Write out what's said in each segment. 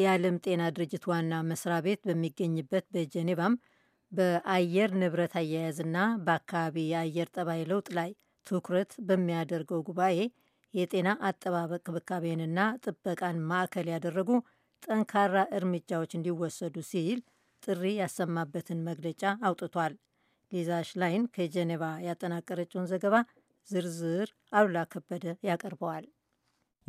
የዓለም ጤና ድርጅት ዋና መስሪያ ቤት በሚገኝበት በጀኔቫም በአየር ንብረት አያያዝና በአካባቢ የአየር ጠባይ ለውጥ ላይ ትኩረት በሚያደርገው ጉባኤ የጤና አጠባበቅ ክብካቤንና ጥበቃን ማዕከል ያደረጉ ጠንካራ እርምጃዎች እንዲወሰዱ ሲል ጥሪ ያሰማበትን መግለጫ አውጥቷል። ሊዛ ሽላይን ከጀኔቫ ያጠናቀረችውን ዘገባ ዝርዝር አሉላ ከበደ ያቀርበዋል።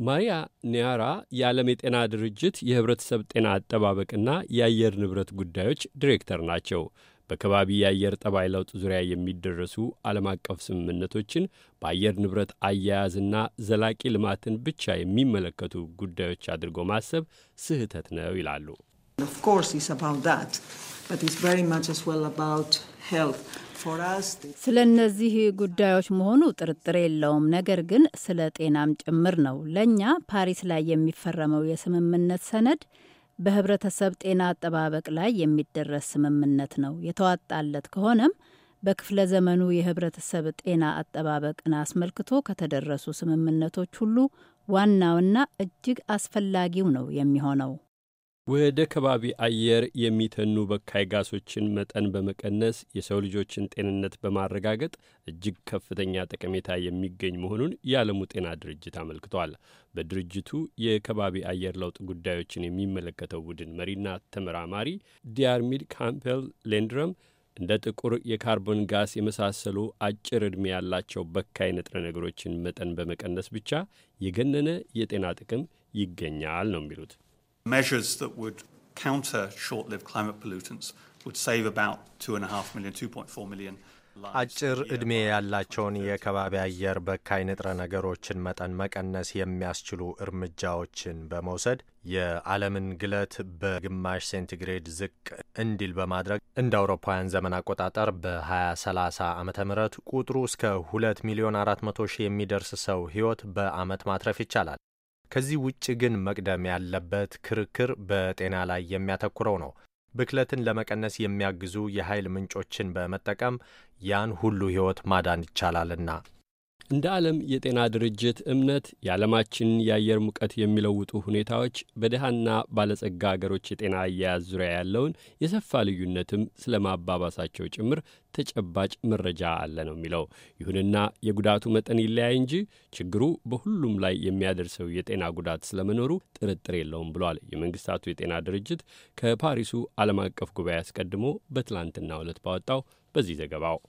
ማሪያ ኒያራ የዓለም የጤና ድርጅት የህብረተሰብ ጤና አጠባበቅና የአየር ንብረት ጉዳዮች ዲሬክተር ናቸው። በከባቢ የአየር ጠባይ ለውጥ ዙሪያ የሚደረሱ ዓለም አቀፍ ስምምነቶችን በአየር ንብረት አያያዝና ዘላቂ ልማትን ብቻ የሚመለከቱ ጉዳዮች አድርጎ ማሰብ ስህተት ነው ይላሉ። Of course, it's about that, but it's very much as well about health. ስለ እነዚህ ጉዳዮች መሆኑ ጥርጥር የለውም። ነገር ግን ስለ ጤናም ጭምር ነው። ለእኛ ፓሪስ ላይ የሚፈረመው የስምምነት ሰነድ በህብረተሰብ ጤና አጠባበቅ ላይ የሚደረስ ስምምነት ነው። የተዋጣለት ከሆነም በክፍለ ዘመኑ የህብረተሰብ ጤና አጠባበቅን አስመልክቶ ከተደረሱ ስምምነቶች ሁሉ ዋናውና እጅግ አስፈላጊው ነው የሚሆነው። ወደ ከባቢ አየር የሚተኑ በካይ ጋሶችን መጠን በመቀነስ የሰው ልጆችን ጤንነት በማረጋገጥ እጅግ ከፍተኛ ጠቀሜታ የሚገኝ መሆኑን የዓለሙ ጤና ድርጅት አመልክቷል። በድርጅቱ የከባቢ አየር ለውጥ ጉዳዮችን የሚመለከተው ቡድን መሪና ተመራማሪ ዲያርሚድ ካምፔል ሌንድረም እንደ ጥቁር የካርቦን ጋስ የመሳሰሉ አጭር ዕድሜ ያላቸው በካይ ንጥረ ነገሮችን መጠን በመቀነስ ብቻ የገነነ የጤና ጥቅም ይገኛል ነው የሚሉት። measures that would counter short lived climate pollutants would save about 2.5 million, 2.4 million. አጭር ዕድሜ ያላቸውን የከባቢ አየር በካይ ንጥረ ነገሮችን መጠን መቀነስ የሚያስችሉ እርምጃዎችን በመውሰድ የዓለምን ግለት በግማሽ ሴንቲግሬድ ዝቅ እንዲል በማድረግ እንደ አውሮፓውያን ዘመን አቆጣጠር በ2030 ዓ ም ቁጥሩ እስከ 2 ሚሊዮን 400 ሺህ የሚደርስ ሰው ሕይወት በዓመት ማትረፍ ይቻላል። ከዚህ ውጭ ግን መቅደም ያለበት ክርክር በጤና ላይ የሚያተኩረው ነው። ብክለትን ለመቀነስ የሚያግዙ የኃይል ምንጮችን በመጠቀም ያን ሁሉ ሕይወት ማዳን ይቻላልና። እንደ ዓለም የጤና ድርጅት እምነት የዓለማችን የአየር ሙቀት የሚለውጡ ሁኔታዎች በድሃና ባለጸጋ አገሮች የጤና አያያዝ ዙሪያ ያለውን የሰፋ ልዩነትም ስለ ማባባሳቸው ጭምር ተጨባጭ መረጃ አለ ነው የሚለው። ይሁንና የጉዳቱ መጠን ይለያይ እንጂ ችግሩ በሁሉም ላይ የሚያደርሰው የጤና ጉዳት ስለመኖሩ ጥርጥር የለውም ብሏል። የመንግስታቱ የጤና ድርጅት ከፓሪሱ ዓለም አቀፍ ጉባኤ አስቀድሞ በትላንትና ዕለት ባወጣው በዚህ ዘገባው